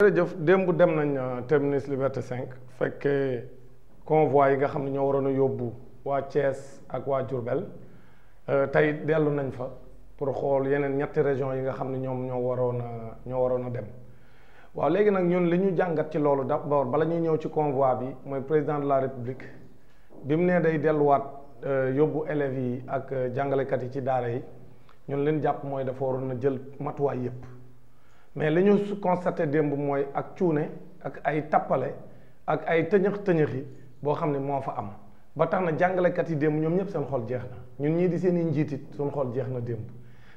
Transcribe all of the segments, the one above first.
jërëjëf démb dem nañ euh, terminus Liberté 5 fekkee convoi yi nga xam ne ñoo waroon a yóbbu waa Thiès ak waa Diourbel euh, tey dellu nañ fa pour xool yeneen ñetti région yi nga xam ne ñoom ñoo waroon ñoo waroon a dem waaw léegi nag ñun li ñu jàngat ci loolu d'abord bala ñuy ñëw ci convoi bi mooy président de la république bi mu nee day delluwaat euh, yóbbu élèves yi ak jàngalekat yi ci daara yi ñun leen jàpp mooy dafa waroon a jël matuwaay yépp mais li ñu constaté démb mooy ak cuune ak ay tappale ak ay tëñëx tëñëx yi boo xam ne moo fa am ba tax na jàngalekat yi démb ñoom ñëpp seen xol jeex na ñun ñii di seen i njiitit suñu xol jeex na démb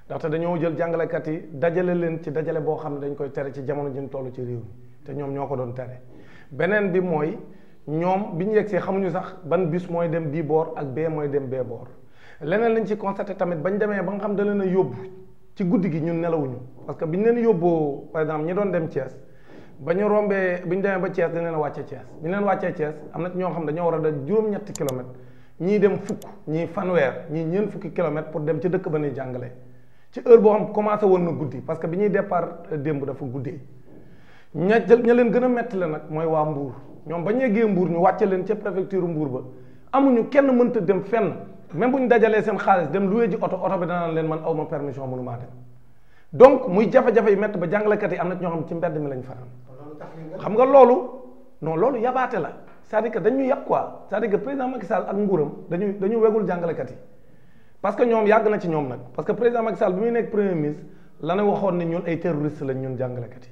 ndaxte dañoo jël jàngalekat yi dajale leen ci dajale boo xam ne dañu koy tere ci jamono ji ñu ci réew mi te ñoom ñoo ko doon tere beneen bi mooy ñoom bi ñu yegsee xamuñu sax ban bis mooy dem bii boor ak bee mooy dem bee boor leneen lañ ci constaté tamit bañ demee ba nga xam da leen a yóbbu ci guddi gi ñun nelawuñu parce que bi ñu leen yóbboo par exemple ñi doon dem Thiès ba ñu rombee bi ñu demee ba Thiès dañ leen wàccee Thiès bi ñu neen wàccee Thiès am na ñoo xam dañoo war a da juróom-ñetti kilomètres ñii dem fukk ñii fanweer ñii ñeen fukki kilomètres pour dem ca dëkk ba ñuy jàngale ci heure boo xam commencé woon na guddi parce que bi ñuy départ euh, démb dafa guddee ña ña leen gën a metti la nag mooy waa Mbour ñoom ba ñu yeggee Mbour ñu wàcce leen ca préfecture Mbour ba amuñu kenn mënta dem fenn même bu ñu dajalee seen xaalis dem loué ji oto oto bi danaan leen man aw ma permission mënu maa dem donc muy jafe-jafe yu métti ba jàngalekat yi am na ñoo xam ci mbedd mi lañ faral xam nga loolu non loolu yabaate la cest à dañu yab quoi c'est-à-dire que président Macky Sall ak nguuram dañu dañu wegul jàngalekat yi parce que ñoom yàgg na ci ñoom nag parce que président Macky Sall bi muy nekk premier ministre la na waxoon ni ñun ay terroriste lañ ñun jàngalekat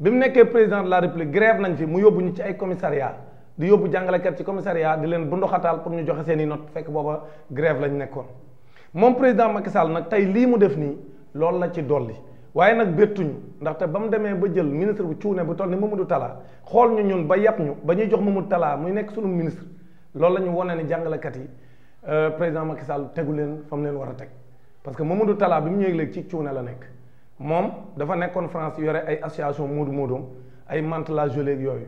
mu nekkee président la république grève nañ fi mu ci ay commissariat di yóbbu jàngalekat ci commissariat di leen bunduxataal pour ñu joxe seen i notes fekk booba grève lañ nekkoon moom président Macky Sall nag tey lii mu def nii loolu la ci dolli waaye nag bettuñu ndaxte ba mu demee ba jël ministre bu cuune bu toll ni Mamadou Talla xool ñu ñun ba yàpp ñu ba ñuy jox ma Mamadou Talla muy nekk sunu ministre lool la ñu wane ni jàngalekat yi euh, président Macky Sall tegu leen fa mu leen war a teg parce que Mamadou talaa bi mu ñëwee léegi ci cuune la nekk moom dafa nekkoon France yore ay association moodu moodoom ay mantelage gelée yooyu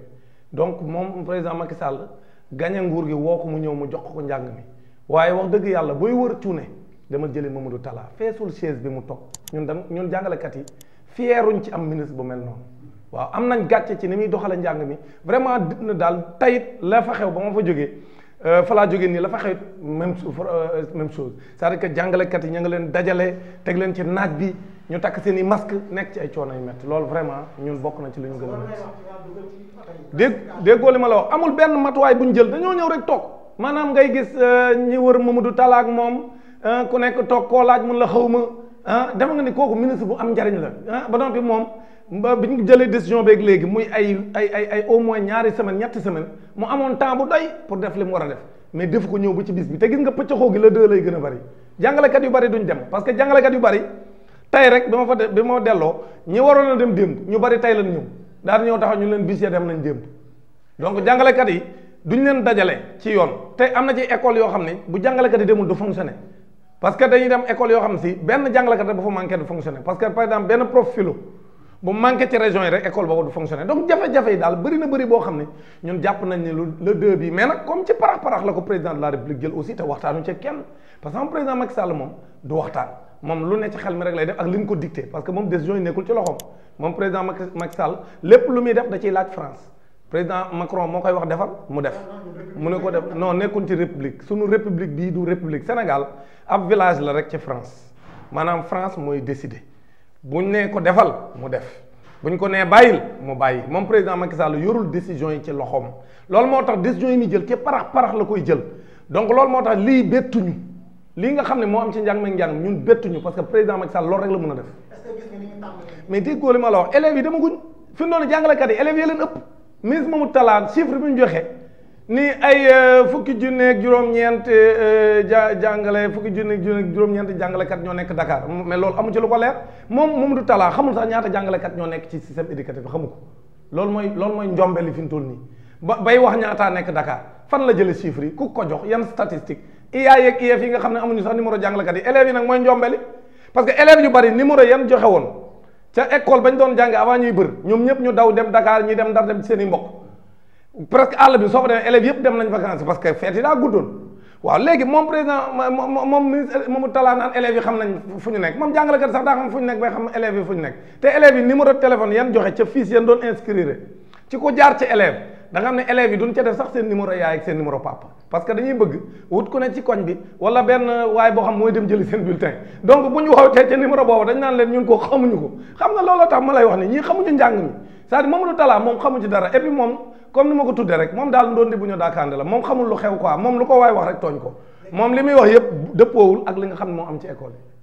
donc moom président Macky Sall gañe nguur gi woo ko mu ñëw mu jox ko njàng mi waaye wax dëgg yàlla booy wër cuune dama ma Mamadou Talla feesul chaise bi mu toog ñun dem ñun jàngalekat yi fieruñ ci am ministre bu mel noonu waaw am nañ gàcce ci ni muy doxale njàng mi vraiment na daal tayit la fa xew ba ma fa jógee euh, fa laa jógee nii la fa xew même euh, même chose c'est-à-dire que jàngalekat yi ñu ngi leen dajale teg leen ci naaj bi ñu takk seen i masque nekk ci ay coono yu métti loolu vraiment ñun bokk na ci lu ñu gën a métti dégg déggoo li ma la wax amul benn matuwaay bu ñu jël dañoo ñëw rek toog maanaam ngay gis euh, ñi wër Mamadou Talla talaak moom euh, ku nekk toog koo laaj mun la xaw ma ah, defe nga ni kooku ministre bu am njariñ la ah, ba noppi moom bi ñu jëlee décision beeg léegi muy ay ay ay ay au moins ñaari semaine ñetti semaine mu amoon temps bu doy pour def li mu war a def mais def ko ñëw ba ci bis bi te gis nga pëccaxoo gi la deux a bari jàngalekat yu bari duñ dem parce que jàngalekat yu bari tey rek bi ma fa de bi ma delloo ñi waroon a dem démb ñu bari tey lan ñëw daal ñëw ñu leen bis dem nañ démb donc jàngalekat yi ñu leen dajale ci yoon te am na ci école yoo xam ne bu jàngalekat yi demul du fonctionner parce que dañuy dem école yoo xam ne si benn jàngalekat rek bu fa manqué du fonctionner parce que par exemple benn prof bu manqué ci région yi rek école boobu du fonctionner donc jafe-jafe yi daal bëri na bëri boo xam ne ñun jàpp nañ ne lu le deux bi mais nag comme ci parax parax la ko président de la république jël aussi moom lu ne ci xel mi rek lay def ak li mu ko dicté parce que moom décision yi nekkul ci loxoom moom président Macky Sall lépp lu muy def da ciy laaj France président Macron moo koy wax defal mu def. mu ne ko def non nekkuñ ci république sunu république bii du république Sénégal ab village la rek ci France maanaam France mooy décider buñ nee ko defal mu def. bu ñu ko nee bàyyil mu bàyyi moom président Macky Sall yorul décision yi ci loxoom loolu moo tax décision yi muy jël ci parax parax la koy jël donc loolu moo tax lii bettuñu. lii nga xam ne moo am ci njàng meeg njàng ñun parce que président Macky Sall loolu rek a def. mais déggoo li ma la wax élèves yi demaguñ fi mu doon yi élèves yi leen ëpp. ministre Mamadou Talla chiffre bi ñu joxee ni ay euh, fukki junneeg juróom-ñeent euh, ja jàngale fukki junneeg juróom-ñeent jàngalekat ñoo nekk dakaar mais loolu amu ci lu ko leer moom Mamadou Talla xamul sax ñaata jàngalekat ñoo nekk ci système éducatif xamu ko loolu mooy loolu mooy njombe li fi mu toll nii ba bay wax ñaataa nekk dakaar fan la jëlee chiffre yi ku ko jox yan statistique IA yeeg IEF yi nga xam ne amuñu sax numéro jàngalekat yi élèves yi nag mooy njombeli parce que élèves yu bari numéro yan joxe woon ca école bañ doon jànge avant ñuy bër ñoom ñëpp ñu daw dem Dakar ñi dem Ndar dem seeni i mbokk presque àll bi soo fa demee élèves yëpp dem nañ vacances parce que feet yi daa guddoon waaw léegi moom président moom ministre moomu talaa naan élèves yi xam fu ñu nekk moom jàngalekat sax daa xam ñu nekk bay xam élèves yi fu te élèves yi numéro téléphone yan joxe ca fiis yan doon inscrire ci ko jaar ci élève da nga ne élèves yi duñ ca def sax seen numéro yaay ak seen numéro papa parce que dañuy bëgg wut ku ne ci koñ bi wala benn waay boo xam mooy dem jëli seen bulletin donc bu ñu wootee ca numéro boobu dañ naan leen ñun ko xamuñu ko xam nga looloo tax ma lay wax ne ñii xamuñu njàng mi c'est-à-dire Mamadou Talla moom xamu dara et moom comme ni ma ko tuddee rek moom daal ndoon di bu ñu daakaande la moom xamul lu xew quoi moom lu ko waay wax rek tooñ ko moom li muy wax yëpp dëppoowul ak li nga xam ne moo am ci école yi